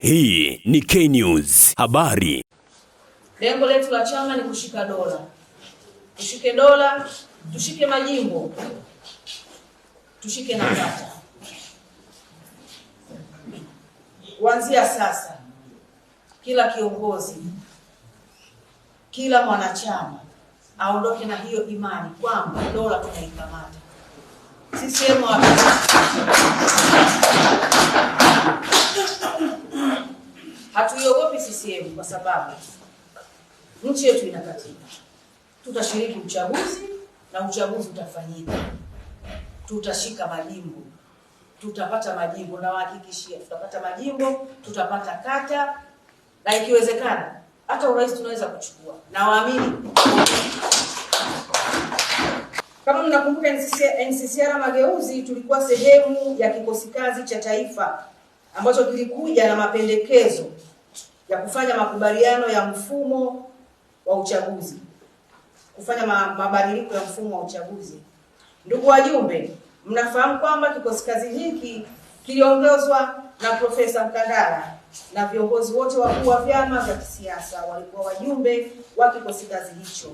Hii ni K-News habari. Lengo letu la chama ni kushika dola, tushike dola, tushike majimbo, tushike na kata. Kuanzia sasa, kila kiongozi, kila mwanachama aondoke na hiyo imani kwamba dola tunaikamata. wa Hatuiogopi CCM kwa sababu nchi yetu ina katiba. Tutashiriki uchaguzi na uchaguzi utafanyika, tutashika majimbo, tutapata majimbo, nawahakikishia tutapata majimbo, tutapata kata, na ikiwezekana hata urais tunaweza kuchukua, nawaamini kama mnakumbuka NCCR Mageuzi tulikuwa sehemu ya kikosi kazi cha taifa ambacho kilikuja na mapendekezo ya kufanya makubaliano ya mfumo wa uchaguzi, kufanya mabadiliko ya mfumo wa uchaguzi. Ndugu wajumbe, mnafahamu kwamba kikosi kazi hiki kiliongozwa na Profesa Mkandala na viongozi wote wakuu wa vyama vya kisiasa walikuwa wajumbe wa kikosi kazi hicho,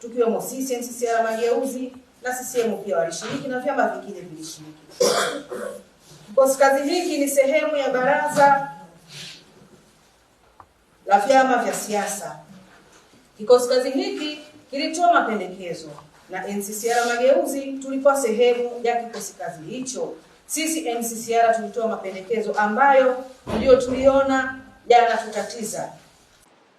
tukiwemo sisi NCCR Mageuzi na CCM pia walishiriki na vyama vingine vilishiriki. Kikosi kazi hiki ni sehemu ya baraza la vyama vya siasa. Kikosi kazi hiki kilitoa mapendekezo na NCCR Mageuzi tulikuwa sehemu ya kikosi kazi hicho. Sisi NCCR tulitoa mapendekezo ambayo ndio tuliona yanatutatiza.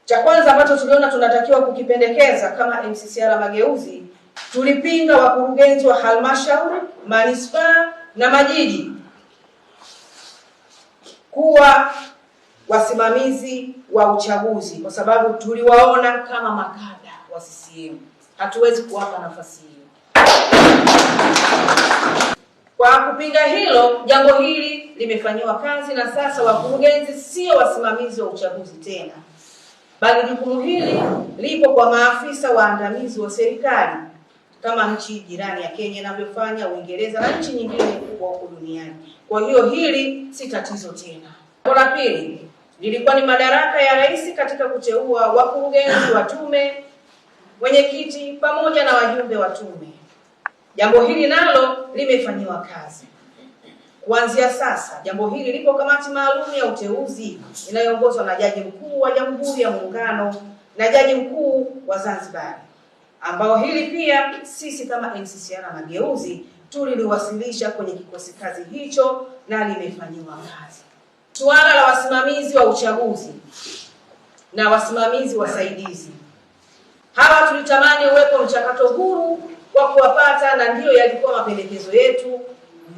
Cha kwanza ambacho tuliona tunatakiwa kukipendekeza kama NCCR Mageuzi, tulipinga wakurugenzi wa halmashauri, manispaa na majiji kuwa wasimamizi wa uchaguzi, kwa sababu tuliwaona kama makada wa CCM. Hatuwezi kuwapa nafasi hiyo. Kwa kupinga hilo, jambo hili limefanyiwa kazi na sasa wakurugenzi sio wasimamizi wa uchaguzi tena, bali jukumu hili lipo kwa maafisa waandamizi wa serikali kama nchi jirani ya Kenya inavyofanya, Uingereza na nchi nyingine kubwa huko duniani. Kwa hiyo hili si tatizo tena. La pili Lilikuwa ni madaraka ya rais katika kuteua wakurugenzi wa tume, mwenyekiti pamoja na wajumbe wa tume. Jambo hili nalo limefanyiwa kazi. Kuanzia sasa, jambo hili lipo kamati maalum ya uteuzi inayoongozwa na Jaji Mkuu wa Jamhuri ya Muungano na Jaji Mkuu wa Zanzibar, ambao hili pia sisi kama NCCR Mageuzi tuliliwasilisha kwenye kikosi kazi hicho na limefanyiwa kazi suala la wasimamizi wa uchaguzi na wasimamizi wasaidizi. Hawa tulitamani uwepo mchakato huru wa kuwapata, na ndiyo yalikuwa mapendekezo yetu,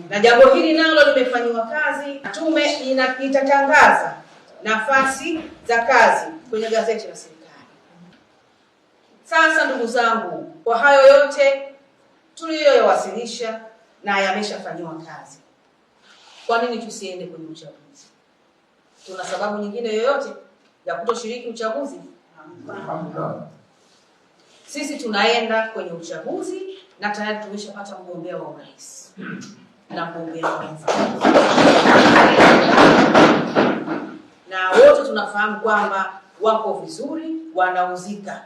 na jambo hili nalo limefanyiwa kazi. Tume itatangaza nafasi za kazi kwenye gazeti la serikali. Sasa ndugu zangu, kwa hayo yote tuliyoyawasilisha na yameshafanyiwa kazi, kwa nini tusiende kwenye uchaguzi? Tuna sababu nyingine yoyote ya kutoshiriki uchaguzi? Sisi tunaenda kwenye uchaguzi na tayari tumeshapata mgombea wa urais na mgombea mwenza, na wote tunafahamu kwamba wako vizuri, wanauzika,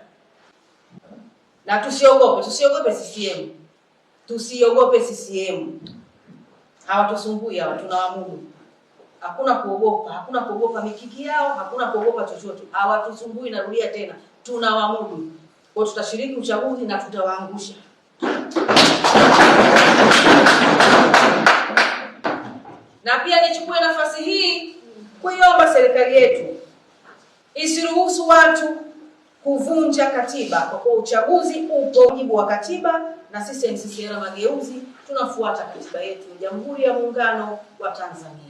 na tusiogope, tusiogope CCM, tusiogope CCM, hawatusumbui hawa, tuna hakuna kuogopa, hakuna kuogopa mikiki yao, hakuna kuogopa chochote, hawatusumbui. Narudia tena, tunawaamudu kwa, tutashiriki uchaguzi na tutawaangusha. Na pia nichukue nafasi hii kuiomba serikali yetu isiruhusu watu kuvunja katiba, kwa kuwa uchaguzi upo mujibu wa katiba, na sisi NCCR Mageuzi tunafuata katiba yetu, ya Jamhuri ya Muungano wa Tanzania.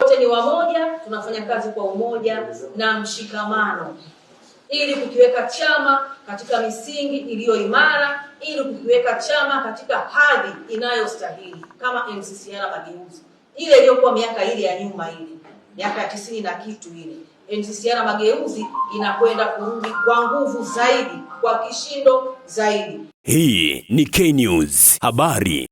Wote ni wamoja, tunafanya kazi kwa umoja na mshikamano ili kukiweka chama katika misingi iliyo imara, ili kukiweka chama katika hadhi inayostahili kama NCCR Mageuzi ile iliyokuwa miaka ile ya nyuma, ile miaka ya tisini na kitu ile NCCR Mageuzi inakwenda kurudi kwa nguvu zaidi, kwa kishindo zaidi. Hii ni K News habari.